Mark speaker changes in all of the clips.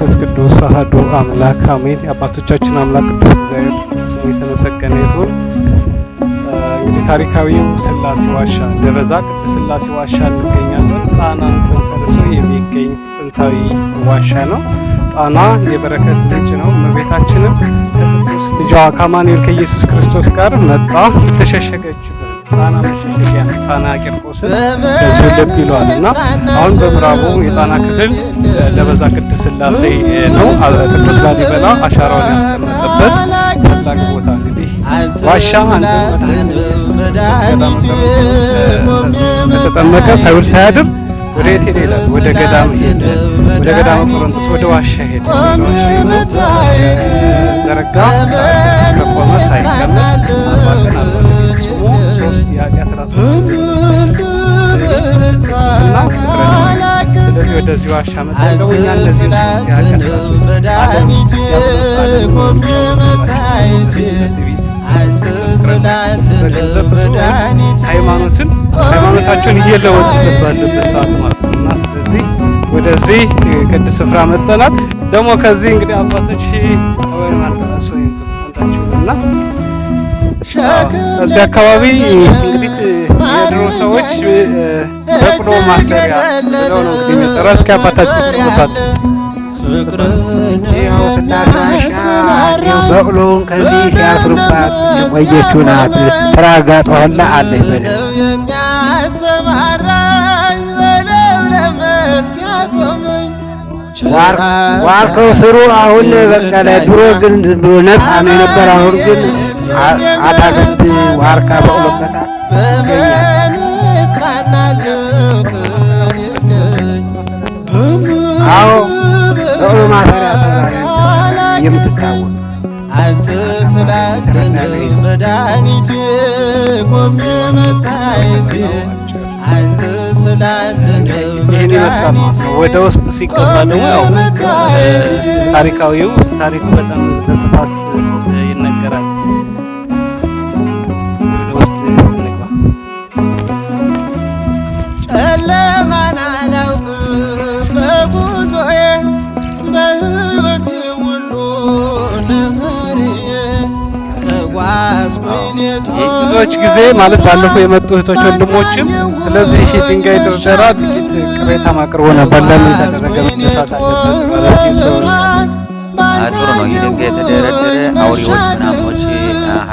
Speaker 1: መንፈስ ቅዱስ አህዱ አምላክ አሜን። የአባቶቻችን አምላክ ቅዱስ እግዚአብሔር ስሙ የተመሰገነ ይሁን። እንግዲህ ታሪካዊው ስላሴ ዋሻ ደበዛ ቅዱስ ስላሴ ዋሻ እንገኛለን። ጣና ተንተርሶ የሚገኝ ጥንታዊ ዋሻ ነው። ጣና የበረከት ምንጭ ነው። እመቤታችንም ከቅዱስ ልጇ ከአማኑኤል ከኢየሱስ ክርስቶስ ጋር መጣ። ተሸሸገችበት ጣና መሸሸጊያ ጣና ቂርቆስን ከዚሁ ልብ ይለዋል እና አሁን በምዕራቡ የጣና ክፍል ደበዛ ቅድስት ሥላሴ ነው። ቅዱስ ላሊበላ አሻራውን ያስቀመጠበት ታላቅ ቦታ እንግዲህ ዋሻ አንድ ሳይውል ሳያድር ወደ የት ሄደ? ወደ ገዳም ሄደ። ወደ ገዳም ቆሮንቶስ ወደ ዋሻ ሄደ። ወደዚህ ዋሻ መጣለው ሃይማኖትን ሃይማኖታቸውን እየለወጡበት ባለበት ሰዓት ማለት ነው እና ስለዚህ ወደዚህ ቅዱስ ስፍራ መጠናል ደግሞ ከዚህ እንግዲህ አባቶች ወይም አልተነሱ ወይም ተቆንታቸው እና እዚህ አካባቢ እንግዲህ የድሮ ሰዎች በቅሎ ማሰሪያ ብለው ነው እንግዲህ የሚጠራው። እስኪ አባታችን ይወታል በቅሎውን ከዚህ ሲያስሩባት የቆየችው ናት። ተራጋጠኋላ አለ ይበለ ዋርከው ስሩ። አሁን በቀለ ድሮ ግን ነፃ ነው የነበረ አሁን ግን አዳግንቢው አርካ በእሎበታ አዎ በእሎ ማሰሪያ የምትቃወም አንተ ስላለን መድኃኒቴ ቆሜ መታየቴ አንተ ስላለን ወደ ውስጥ ሲገባ ደግሞ ታሪካዊው ውስጥ ታሪኩ በጣም በስፋት ጨለማን አላውቅም በጉዞዬ በሕይወቴ ሁሉ ለመርዬ ተጓዝኩኝ። ጊዜ ማለት ባለፈው የመጡ እህቶች ወንድሞችም ስለዚህ ይህ ድንጋይ ድርደራ ጥቂት ቅሬታ ማቅርቦ ነበር። ለምን የተደረገ መነሳት አለበት ነው። ይህ ድንጋይ የተደረደረ አውሬዎች ምናምን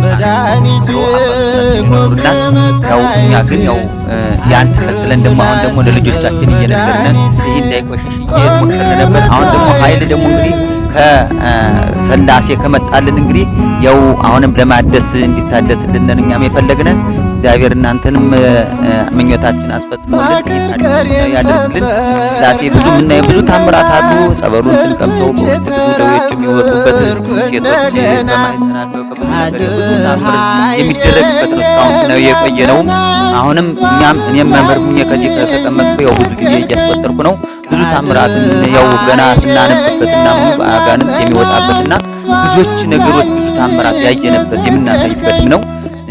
Speaker 1: ኖሩላት ያው እኛ ግን ያው ያን ተከትለን ደግሞ አሁን ደግሞ ለልጆቻችን እየነገርነን ይህ እንዳይቆሽሽ ነበር። አሁን ደግሞ ኃይል ደግሞ እንግዲህ ከስላሴ ከመጣልን እንግዲህ ያው አሁንም ለማደስ እንዲታደስልን እኛም የፈለግነን እግዚአብሔር እናንተንም ምኞታችን አስፈጽሞልን ያደርስልን። ሥላሴ ብዙ የምናየው ብዙ ታምራት አሉ። ጸበሉን ስንቀምሰው ብዙ የሚወጡበት ሴቶች በማይጸናቸው የሚደረግበት ነው። እስካሁን ነው የቆየ ነው። አሁንም እኛም እኔም መምህር ሁኜ ከዚህ ከተቀመጥኩ ያው ብዙ ጊዜ እያስቆጠርኩ ነው። ብዙ ታምራትን ያው ገና ስናነብበትና ሙሉ በአጋንንት የሚወጣበትና ብዙዎች ነገሮች ብዙ ታምራት ያየነበት የምናሳይበትም ነው።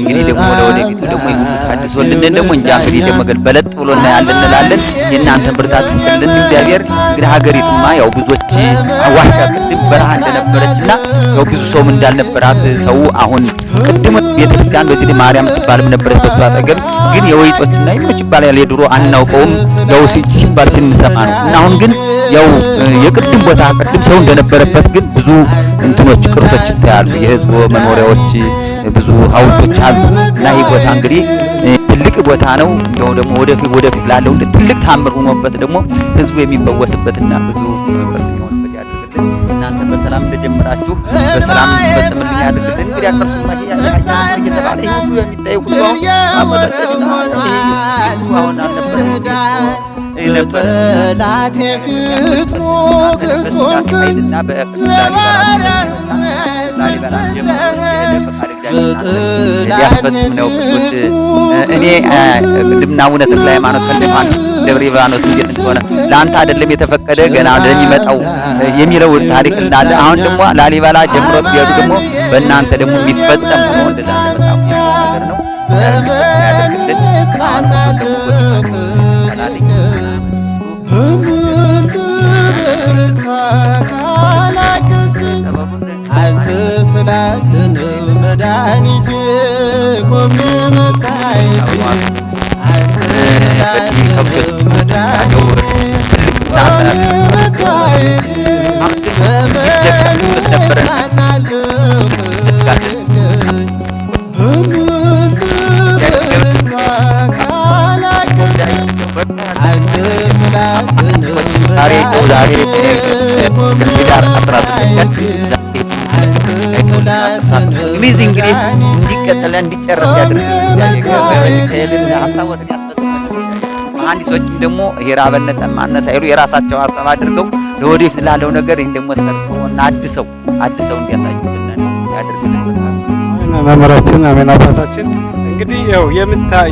Speaker 1: እንግዲህ ደግሞ ወደ ወደፊቱ ደግሞ አዲስ ወልደን ደግሞ እንጃ እንግዲህ ደግሞ በለጥ ብሎ እናያለን እንላለን። የእናንተን ብርታት ስትልን እግዚአብሔር እንግዲህ ሀገሪቱማ ያው ብዙዎች አዋሻ ቅድም በረሃ እንደነበረችና ያው ብዙ ሰውም እንዳልነበራት ሰው አሁን ቅድም ቤተክርስቲያን በዚህ ማርያም ትባልም ነበረች በሷ አጠገብ ግን የወይጦችና ይሞች ይባላል የድሮ አናውቀውም ያው ሲባል ስንሰማ ነው እና አሁን ግን ያው የቅድም ቦታ ቅድም ሰው እንደነበረበት ግን ብዙ እንትኖች ቅርሶች ይታያሉ የህዝቡ መኖሪያዎች ብዙ ሀውልቶች አሉ እና ይህ ቦታ እንግዲህ ትልቅ ቦታ ነው። እንደውም ደግሞ ወደፊት ወደፊት ላለው እንደ ትልቅ ታምር ሆኖበት ደግሞ ህዝቡ የሚፈወስበትና ብዙ መንፈስ የሚሆንበት ያደርግልን። እናንተ በሰላም እንደጀመራችሁ በሰላም እንድትፈጽምልን ያደርግልን። እንግዲህ አቀርሱማሽ ያዘጋጃችሁ እየተባለ ይህ ሁሉ የሚታይ ሁሉ አመጣጠና አሁን አልነበረ በጠላቴ ፊት ሞገሶን ግን ለባረ እንዲያስፈጽም ነው ቅዱስ እኔ ምንድምና አቡነ ተክለ ሃይማኖት ፈንደማን ደብረ ሊባኖስ እንዴት እንደሆነ ለአንተ አይደለም የተፈቀደ ገና ለሚመጣው የሚለውን ታሪክ እንዳለ አሁን ደግሞ ላሊበላ ጀምሮ ቢሄዱ ደግሞ በእናንተ ደግሞ የሚፈጸም ሆኖ እንደዛ ነገር ነው። እንግዲህ እንዲቀጥል እንዲጨረስ ያድርግ። ክህልና ደግሞ ይሄ ራበነት ማነሳ ይሉ የራሳቸው ሀሳብ አድርገው ለወደፊት ላለው ነገር ይህን ደግሞ ሰርተውና አድሰው አድሰው መምህራችን አሜን። አባታችን እንግዲህ ያው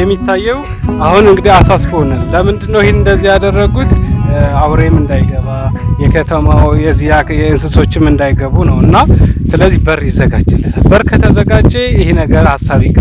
Speaker 1: የሚታየው አሁን እንግዲህ አሳስቦናል። ለምንድን ነው ይህን እንደዚህ ያደረጉት? አውሬም እንዳይገባ የከተማው የዚያ የእንስሶችም እንዳይገቡ ነው እና ስለዚህ በር ይዘጋጅለታል። በር ከተዘጋጀ ይሄ ነገር ሀሳብ